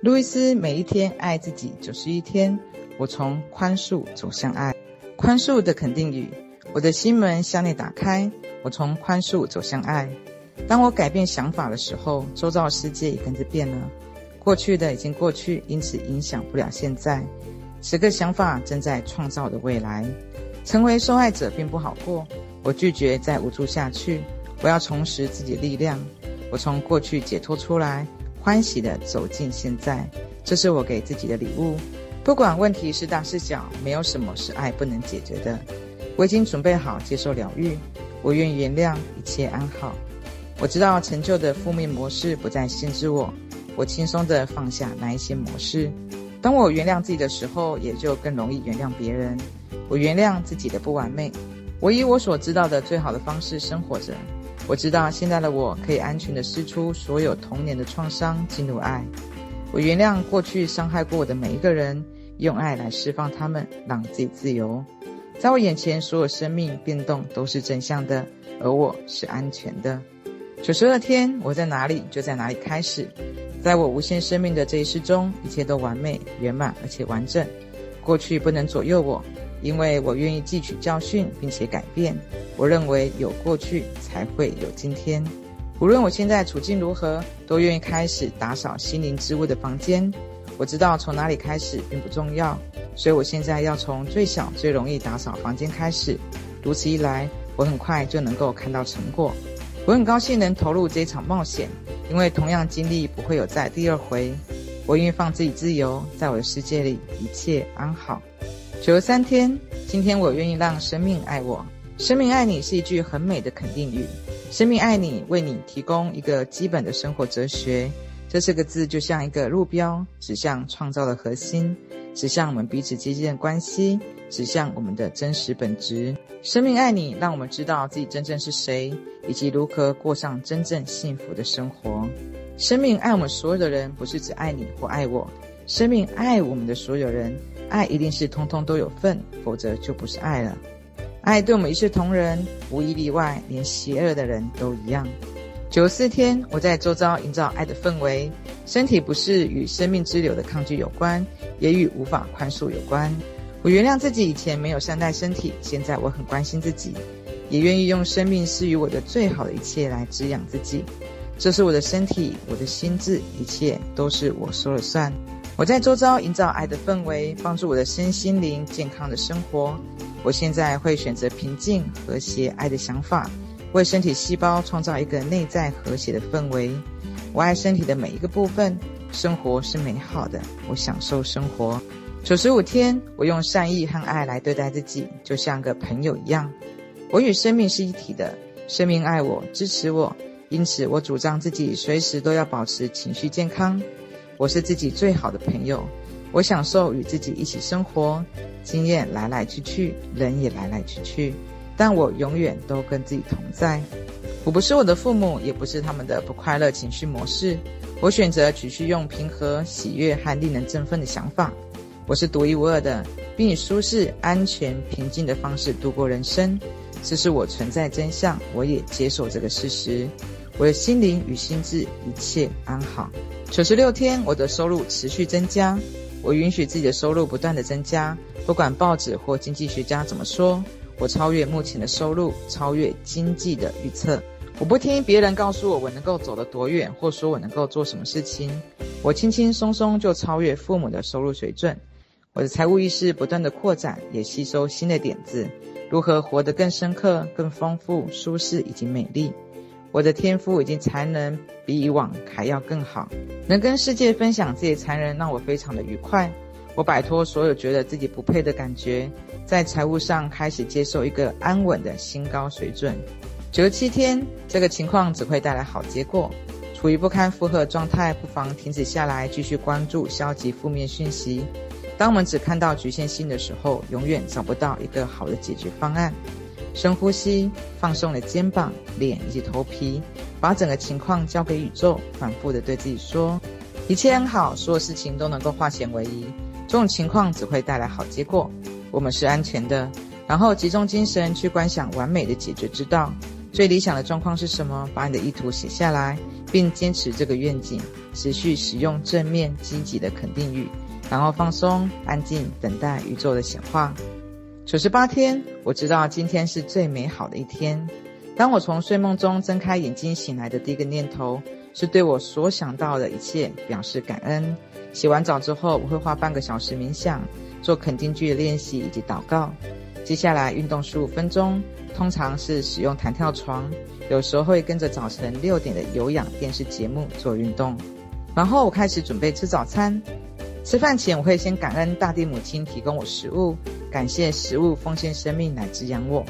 路易斯，每一天愛自己九十一天。我從寬恕走向愛，寬恕的肯定語。我的心門向內打開。我從寬恕走向愛。當我改變想法的時候，周遭的世界也跟着變了。過去的已經過去，因此影響不了現在。此刻想法正在創造的未來。成為受害者並不好過。我拒絕再無助下去。我要重拾自己的力量。我從過去解脫出來。歡喜的走進現在，這是我給自己的禮物。不管問題是大是小，沒有什麼是愛不能解決的。我已經準備好接受療癒，我願原諒，一切安好。我知道陳舊的負面模式不再限制我，我輕鬆的放下那一些模式。當我原諒自己的時候，也就更容易原諒別人。我原諒自己的不完美，我以我所知道的最好的方式生活着。我知道現在的我可以安全地釋出所有童年的創傷，進入愛。我原諒過去傷害過我的每一個人，用愛來釋放他們，讓自己自由。在我眼前，所有生命變動都是正向的，而我是安全的。九十二天，我在哪裡就在哪裡開始。在我無限生命的這一世中，一切都完美、圓滿而且完整。過去不能左右我，因為我願意汲取教訓並且改變。我認為有過去才會有今天。無論我現在處境如何，都願意開始打掃心靈之屋的房間。我知道從哪裡開始並不重要，所以我現在要從最小最容易打掃房間開始。如此一來，我很快就能夠看到成果。我很高興能投入這場冒險，因為同樣經歷不會有再第二回。我願意放自己自由，在我的世界裡一切安好。九十三天，今天我願意讓生命愛我。生命愛你是一句很美的肯定語。生命愛你，為你提供一個基本的生活哲學。這四個字就像一個路標，指向創造的核心，指向我們彼此之間的關係，指向我們的真實本質。生命愛你，讓我們知道自己真正是誰，以及如何過上真正幸福的生活。生命愛我們所有的人，不是只愛你或愛我。生命愛我們的所有人，愛一定是通通都有份，否則就不是愛了。愛對我們一視同仁，無一例外，連邪惡的人都一樣。九十四天，我在周遭營造愛的氛圍。身體不適與生命之流的抗拒有關，也與無法寬恕有關。我原諒自己以前沒有善待身體，現在我很關心自己，也願意用生命賜予我的最好的一切來滋養自己。這是我的身體，我的心智，一切都是我說了算。我在周遭營造愛的氛圍，幫助我的身心靈、健康的生活。我現在會選擇平靜、和諧、愛的想法，為身體細胞創造一個內在和諧的氛圍。我愛身體的每一個部分，生活是美好的，我享受生活。九十五天，我用善意和愛來對待自己，就像個朋友一樣。我與生命是一體的，生命愛我，支持我，因此我主張自己隨時都要保持情緒健康。我是自己最好的朋友。我享受與自己一起生活，經驗來來去去，人也來來去去，但我永遠都跟自己同在。我不是我的父母，也不是他們的不快樂情緒模式。我選擇持續用平和、喜悅和令人振奮的想法。我是獨一無二的，並以舒適、安全、平靜的方式度過人生。這是我存在的真相，我也接受這個事實。我的心靈與心智一切安好。九十六天，我的收入持續增加。我允許自己的收入不斷的增加，不管報紙或經濟學家怎麼說，我超越目前的收入，超越經濟的預測。我不聽別人告訴我我能夠走得多遠，或說我能夠做什麼事情。我輕輕鬆鬆就超越父母的收入水準。我的財務意識不斷的擴展，也吸收新的點子，如何活得更深刻、更豐富、舒適以及美麗。我的天賦以及才能比以往還要更好，能跟世界分享自己才能讓我非常的愉快。我擺脫所有覺得自己不配的感覺，在財務上開始接受一個安穩的新高水準。九十七天，這個情況只會帶來好結果。處於不堪負荷狀態，不妨停止下來，繼續關注消極負面訊息。當我們只看到局限性的時候，永遠找不到一個好的解決方案。深呼吸，放鬆了肩膀、臉以及頭皮，把整個情況交給宇宙，反覆的對自己說：“一切安好，所有事情都能夠化險為夷，這種情況只會帶來好結果，我們是安全的。”然後集中精神去觀想完美的解決之道，最理想的狀況是什麼？把你的意圖寫下來，並堅持這個願景，持續使用正面積極的肯定語，然後放鬆、安靜，等待宇宙的顯化。九十八天，我知道今天是最美好的一天。當我從睡夢中睜開眼睛醒來的第一個念頭，是對我所想到的一切表示感恩。洗完澡之後，我會花半個小時冥想，做肯定句的練習以及禱告。接下來運動十五分鐘，通常是使用彈跳床，有時候會跟着早晨六點的有氧電視節目做運動。然後我開始準備吃早餐。吃飯前，我會先感恩大地母親提供我食物。感謝食物奉獻生命來滋養我。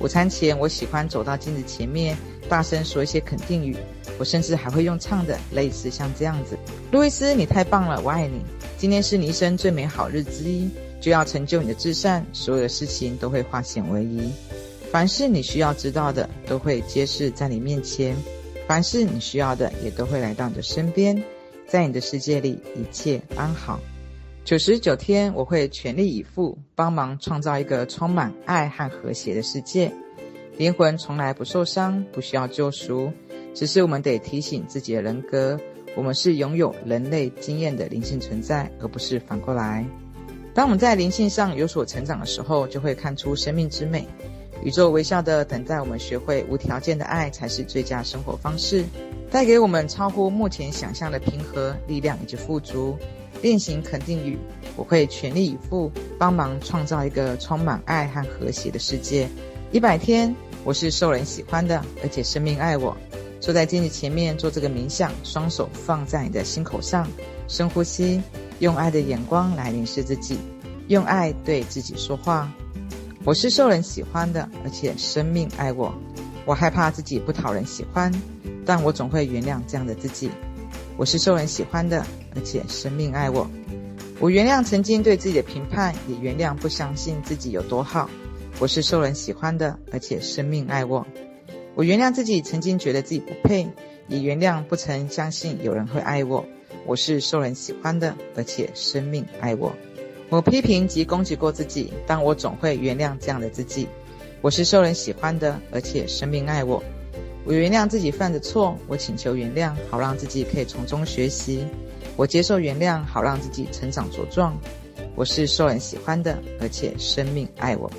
午餐前，我喜歡走到鏡子前面，大聲說一些肯定語。我甚至還會用唱的，類似像這樣子：“路易斯，你太棒了，我愛你。今天是你一生最美好日子之一，就要成就你的至善，所有的事情都會化險為夷。凡是你需要知道的，都會揭示在你面前；凡是你需要的，也都會來到你的身邊。在你的世界裡，一切安好。”九十九天，我會全力以赴，幫忙創造一個充滿愛和和諧的世界。靈魂從來不受傷，不需要救贖。只是我們得提醒自己的人格：我們是擁有人類經驗的靈性存在，而不是反過來。當我們在靈性上有所成長的時候，就會看出生命之美。宇宙微笑地等待我們學會無條件的愛，才是最佳生活方式，帶給我們超乎目前想象的平和、力量以及富足。練習肯定語，我會全力以赴，幫忙創造一個充滿愛和和諧的世界。一百天，我是受人喜歡的，而且生命愛我。坐在鏡子前面做這個冥想，雙手放在你的心口上，深呼吸，用愛的眼光來凝視自己，用愛對自己說話。我是受人喜歡的，而且生命愛我。我害怕自己不討人喜歡，但我總會原諒這樣的自己。我是受人喜歡的，而且生命愛我。我原諒曾經對自己的評判，也原諒不相信自己有多好。我是受人喜歡的，而且生命愛我。我原諒自己曾經覺得自己不配，也原諒不曾相信有人會愛我。我是受人喜歡的，而且生命愛我。我批評及攻擊過自己，但我總會原諒這樣的自己。我是受人喜歡的，而且生命愛我。我原諒自己犯的錯，我請求原諒，好讓自己可以從中學習。我接受原諒，好讓自己成長茁壯。我是受人喜歡的，而且生命愛我。